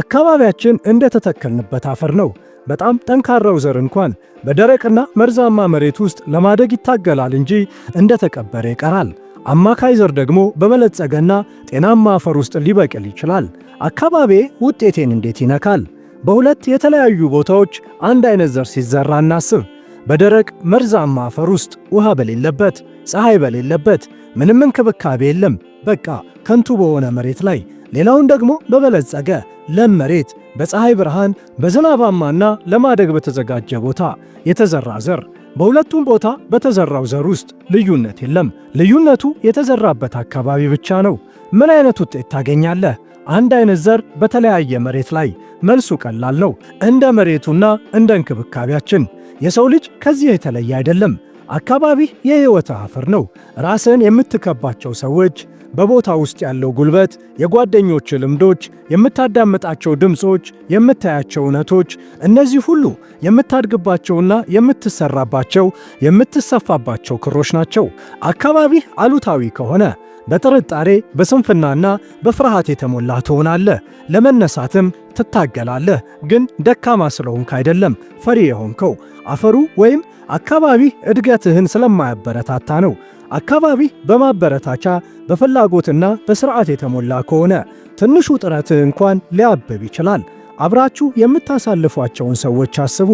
አካባቢያችን እንደተተከልንበት አፈር ነው። በጣም ጠንካራው ዘር እንኳን በደረቅና መርዛማ መሬት ውስጥ ለማደግ ይታገላል እንጂ እንደተቀበረ ይቀራል። አማካይ ዘር ደግሞ በበለጸገና ጤናማ አፈር ውስጥ ሊበቅል ይችላል። አካባቢ ውጤቴን እንዴት ይነካል? በሁለት የተለያዩ ቦታዎች አንድ አይነት ዘር ሲዘራ እናስብ። በደረቅ መርዛማ አፈር ውስጥ ውሃ በሌለበት፣ ፀሐይ በሌለበት፣ ምንም እንክብካቤ የለም፣ በቃ ከንቱ በሆነ መሬት ላይ ሌላውን ደግሞ በበለጸገ ለም መሬት በፀሐይ ብርሃን በዝናባማና ለማደግ በተዘጋጀ ቦታ የተዘራ ዘር። በሁለቱም ቦታ በተዘራው ዘር ውስጥ ልዩነት የለም። ልዩነቱ የተዘራበት አካባቢ ብቻ ነው። ምን አይነት ውጤት ታገኛለህ? አንድ አይነት ዘር በተለያየ መሬት ላይ መልሱ ቀላል ነው። እንደ መሬቱና እንደ እንክብካቤያችን የሰው ልጅ ከዚህ የተለየ አይደለም። አካባቢህ የሕይወት አፈር ነው። ራስን የምትከባቸው ሰዎች በቦታ ውስጥ ያለው ጉልበት፣ የጓደኞች ልምዶች፣ የምታዳምጣቸው ድምፆች፣ የምታያቸው እውነቶች፣ እነዚህ ሁሉ የምታድግባቸውና የምትሰራባቸው የምትሰፋባቸው ክሮች ናቸው። አካባቢህ አሉታዊ ከሆነ በጥርጣሬ በስንፍናና በፍርሃት የተሞላ ትሆናለህ። ለመነሳትም ትታገላለህ፣ ግን ደካማ ስለሆንክ አይደለም። ፈሪ የሆንከው አፈሩ ወይም አካባቢህ እድገትህን ስለማያበረታታ ነው። አካባቢ በማበረታቻ በፍላጎትና በስርዓት የተሞላ ከሆነ ትንሹ ጥረት እንኳን ሊያብብ ይችላል። አብራችሁ የምታሳልፏቸውን ሰዎች አስቡ።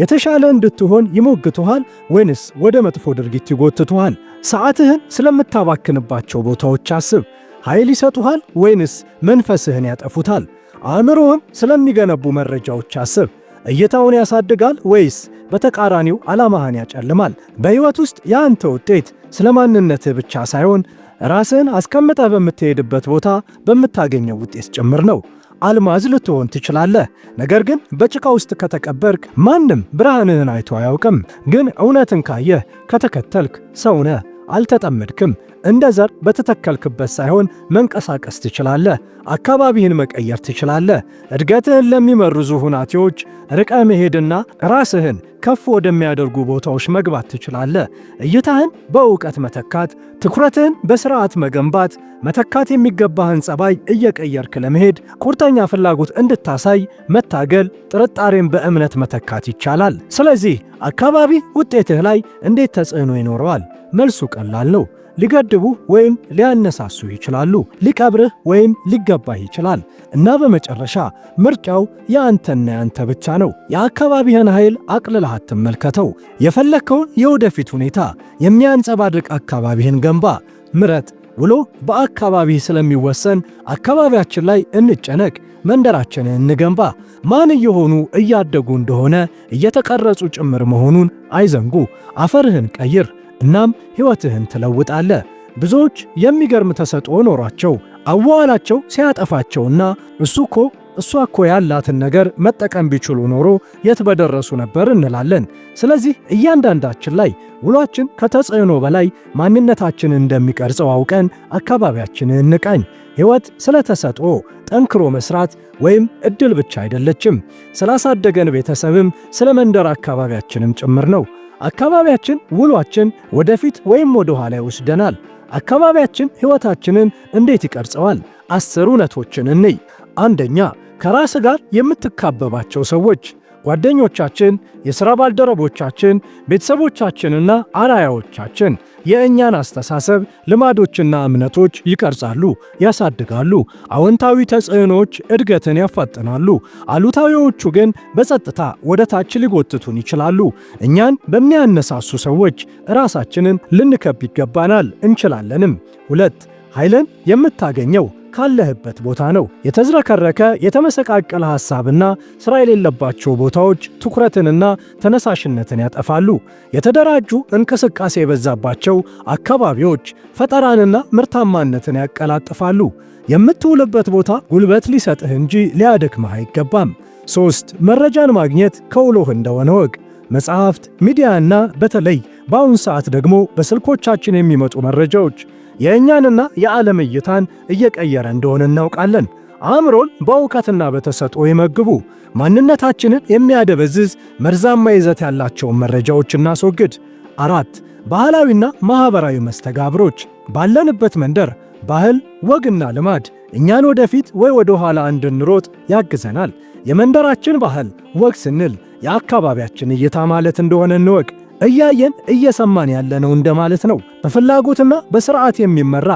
የተሻለ እንድትሆን ይሞግቱሃል ወይንስ ወደ መጥፎ ድርጊት ይጎትቱሃል? ሰዓትህን ስለምታባክንባቸው ቦታዎች አስብ። ኃይል ይሰጡሃል ወይንስ መንፈስህን ያጠፉታል? አእምሮህም ስለሚገነቡ መረጃዎች አስብ። እይታውን ያሳድጋል ወይስ በተቃራኒው ዓላማህን ያጨልማል? በሕይወት ውስጥ የአንተ ውጤት ስለ ማንነትህ ብቻ ሳይሆን ራስህን አስቀምጠህ በምትሄድበት ቦታ በምታገኘው ውጤት ጭምር ነው። አልማዝ ልትሆን ትችላለህ፣ ነገር ግን በጭቃ ውስጥ ከተቀበርክ ማንም ብርሃንህን አይቶ አያውቅም። ግን እውነትን ካየህ ከተከተልክ ሰው ነህ። አልተጠመድክም። እንደ ዘር በተተከልክበት ሳይሆን መንቀሳቀስ ትችላለህ። አካባቢህን መቀየር ትችላለህ። እድገትህን ለሚመርዙ ሁናቴዎች ርቀ መሄድና ራስህን ከፍ ወደሚያደርጉ ቦታዎች መግባት ትችላለህ። እይታህን በእውቀት መተካት ትኩረትህን በስርዓት መገንባት፣ መተካት የሚገባህን ጸባይ እየቀየርክ ለመሄድ ቁርጠኛ ፍላጎት እንድታሳይ መታገል፣ ጥርጣሬን በእምነት መተካት ይቻላል። ስለዚህ አካባቢ ውጤትህ ላይ እንዴት ተጽዕኖ ይኖረዋል? መልሱ ቀላል ነው። ሊገድቡ ወይም ሊያነሳሱ ይችላሉ። ሊቀብርህ ወይም ሊገባህ ይችላል እና በመጨረሻ ምርጫው የአንተና የአንተ ብቻ ነው። የአካባቢህን ኃይል አቅልለህ አትመልከተው። የፈለግከውን የወደፊት ሁኔታ የሚያንጸባርቅ አካባቢህን ገንባ፣ ምረጥ። ውሎ በአካባቢህ ስለሚወሰን አካባቢያችን ላይ እንጨነቅ። መንደራችንን እንገንባ። ማን እየሆኑ እያደጉ እንደሆነ እየተቀረጹ ጭምር መሆኑን አይዘንጉ። አፈርህን ቀይር። እናም ሕይወትህን ትለውጣለ። ብዙዎች የሚገርም ተሰጥኦ ኖሯቸው አዋዋላቸው ሲያጠፋቸውና እሱ እኮ እሷ እኮ ያላትን ነገር መጠቀም ቢችሉ ኖሮ የት በደረሱ ነበር እንላለን። ስለዚህ እያንዳንዳችን ላይ ውሏችን ከተጽዕኖ በላይ ማንነታችንን እንደሚቀርጸው አውቀን አካባቢያችንን እንቃኝ። ሕይወት ስለ ተሰጥኦ ጠንክሮ መስራት ወይም ዕድል ብቻ አይደለችም። ስላሳደገን ቤተሰብም ስለ መንደር አካባቢያችንም ጭምር ነው። አካባቢያችን ውሏችን ወደፊት ወይም ወደ ኋላ ይወስደናል። አካባቢያችን ሕይወታችንን እንዴት ይቀርጸዋል? አስር እውነቶችን እንይ። አንደኛ ከራስ ጋር የምትካበባቸው ሰዎች ጓደኞቻችን፣ የሥራ ባልደረቦቻችን፣ ቤተሰቦቻችንና አራያዎቻችን የእኛን አስተሳሰብ ልማዶችና እምነቶች ይቀርጻሉ፣ ያሳድጋሉ። አዎንታዊ ተጽዕኖዎች እድገትን ያፋጥናሉ። አሉታዊዎቹ ግን በጸጥታ ወደ ታች ሊጎትቱን ይችላሉ። እኛን በሚያነሳሱ ሰዎች ራሳችንን ልንከብ ይገባናል፣ እንችላለንም። ሁለት ኃይልን የምታገኘው ካለህበት ቦታ ነው። የተዝረከረከ የተመሰቃቀለ ሐሳብና ሥራ የሌለባቸው ቦታዎች ትኩረትንና ተነሳሽነትን ያጠፋሉ። የተደራጁ እንቅስቃሴ የበዛባቸው አካባቢዎች ፈጠራንና ምርታማነትን ያቀላጥፋሉ። የምትውልበት ቦታ ጉልበት ሊሰጥህ እንጂ ሊያደክምህ አይገባም። ሶስት መረጃን ማግኘት ከውሎህ እንደሆነ ወቅ መጽሐፍት፣ ሚዲያና በተለይ በአሁን ሰዓት ደግሞ በስልኮቻችን የሚመጡ መረጃዎች የእኛንና የዓለም እይታን እየቀየረ እንደሆነ እናውቃለን። አእምሮን በእውቀትና በተሰጥኦ ይመግቡ። ማንነታችንን የሚያደበዝዝ መርዛማ ይዘት ያላቸውን መረጃዎች እናስወግድ። አራት ባህላዊና ማኅበራዊ መስተጋብሮች ባለንበት መንደር ባህል፣ ወግና ልማድ እኛን ወደፊት ወይ ወደ ኋላ እንድንሮጥ ያግዘናል። የመንደራችን ባህል ወግ ስንል የአካባቢያችን እይታ ማለት እንደሆነ እንወቅ። እያየን እየሰማን ያለነው እንደማለት ነው። በፍላጎትና በሥርዓት የሚመራ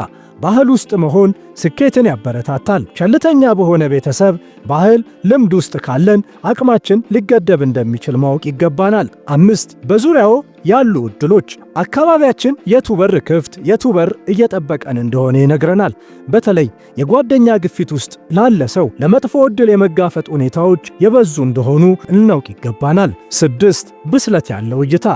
ባህል ውስጥ መሆን ስኬትን ያበረታታል። ቸልተኛ በሆነ ቤተሰብ፣ ባህል፣ ልምድ ውስጥ ካለን አቅማችን ሊገደብ እንደሚችል ማወቅ ይገባናል። አምስት በዙሪያው ያሉ እድሎች አካባቢያችን የቱ በር ክፍት የቱ በር እየጠበቀን እንደሆነ ይነግረናል። በተለይ የጓደኛ ግፊት ውስጥ ላለ ሰው ለመጥፎ እድል የመጋፈጥ ሁኔታዎች የበዙ እንደሆኑ እናውቅ ይገባናል። ስድስት ብስለት ያለው እይታ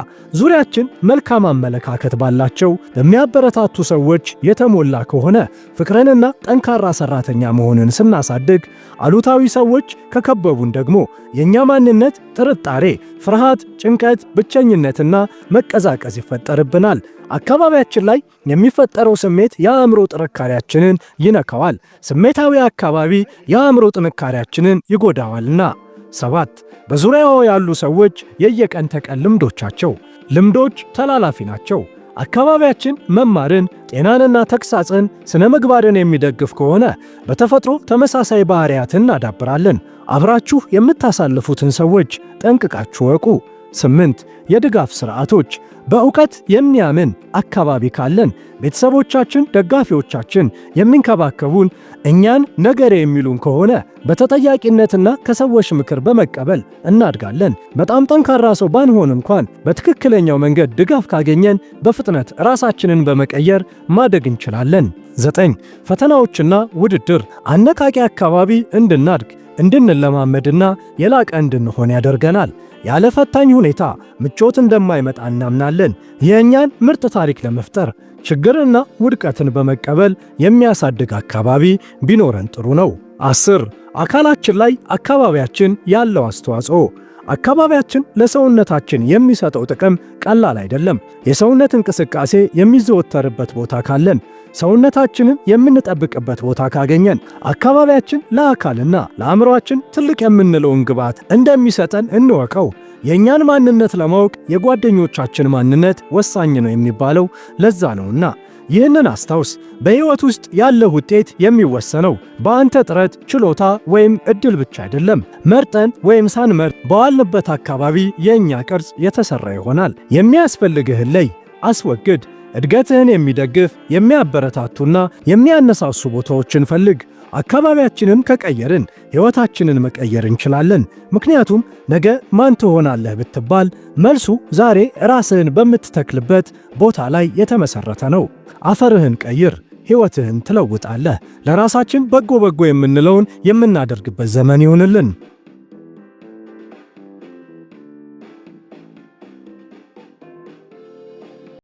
ዙሪያችን መልካም አመለካከት ባላቸው በሚያበረታቱ ሰዎች የተሞላ ከሆነ ፍቅርንና ጠንካራ ሰራተኛ መሆንን ስናሳድግ አሉታዊ ሰዎች ከከበቡን ደግሞ የእኛ ማንነት ጥርጣሬ፣ ፍርሃት፣ ጭንቀት፣ ብቸኝነትና መቀዛቀዝ ይፈጠርብናል። አካባቢያችን ላይ የሚፈጠረው ስሜት የአእምሮ ጥንካሬያችንን ይነካዋል። ስሜታዊ አካባቢ የአእምሮ ጥንካሬያችንን ይጎዳዋልና። ሰባት በዙሪያው ያሉ ሰዎች የየቀን ተቀን ልምዶቻቸው ልምዶች ተላላፊ ናቸው። አካባቢያችን መማርን፣ ጤናንና ተግሳጽን፣ ስነ ምግባርን የሚደግፍ ከሆነ በተፈጥሮ ተመሳሳይ ባህሪያትን እናዳብራለን። አብራችሁ የምታሳልፉትን ሰዎች ጠንቅቃችሁ ወቁ። ስምንት የድጋፍ ስርዓቶች በእውቀት የሚያምን አካባቢ ካለን ቤተሰቦቻችን፣ ደጋፊዎቻችን የሚንከባከቡን እኛን ነገር የሚሉን ከሆነ በተጠያቂነትና ከሰዎች ምክር በመቀበል እናድጋለን። በጣም ጠንካራ ሰው ባንሆን እንኳን በትክክለኛው መንገድ ድጋፍ ካገኘን በፍጥነት ራሳችንን በመቀየር ማደግ እንችላለን። ዘጠኝ ፈተናዎችና ውድድር አነቃቂ አካባቢ እንድናድግ እንድንለማመድና የላቀ እንድንሆን ያደርገናል። ያለ ፈታኝ ሁኔታ ምቾት እንደማይመጣ እናምናለን። የእኛን ምርጥ ታሪክ ለመፍጠር ችግርና ውድቀትን በመቀበል የሚያሳድግ አካባቢ ቢኖረን ጥሩ ነው። አስር አካላችን ላይ አካባቢያችን ያለው አስተዋጽኦ አካባቢያችን ለሰውነታችን የሚሰጠው ጥቅም ቀላል አይደለም። የሰውነት እንቅስቃሴ የሚዘወተርበት ቦታ ካለን ሰውነታችንን የምንጠብቅበት ቦታ ካገኘን አካባቢያችን ለአካልና ለአእምሯችን ትልቅ የምንለውን ግብዓት እንደሚሰጠን እንወቀው። የእኛን ማንነት ለማወቅ የጓደኞቻችን ማንነት ወሳኝ ነው የሚባለው ለዛ ነውና ይህንን አስታውስ። በሕይወት ውስጥ ያለህ ውጤት የሚወሰነው በአንተ ጥረት፣ ችሎታ ወይም ዕድል ብቻ አይደለም። መርጠን ወይም ሳንመርጥ በዋልንበት አካባቢ የእኛ ቅርጽ የተሠራ ይሆናል። የሚያስፈልግህን ለይ፣ አስወግድ። እድገትህን የሚደግፍ የሚያበረታቱና የሚያነሳሱ ቦታዎችን ፈልግ። አካባቢያችንን ከቀየርን ሕይወታችንን መቀየር እንችላለን። ምክንያቱም ነገ ማን ትሆናለህ ብትባል መልሱ ዛሬ ራስህን በምትተክልበት ቦታ ላይ የተመሠረተ ነው። አፈርህን ቀይር፣ ሕይወትህን ትለውጣለህ። ለራሳችን በጎ በጎ የምንለውን የምናደርግበት ዘመን ይሁንልን።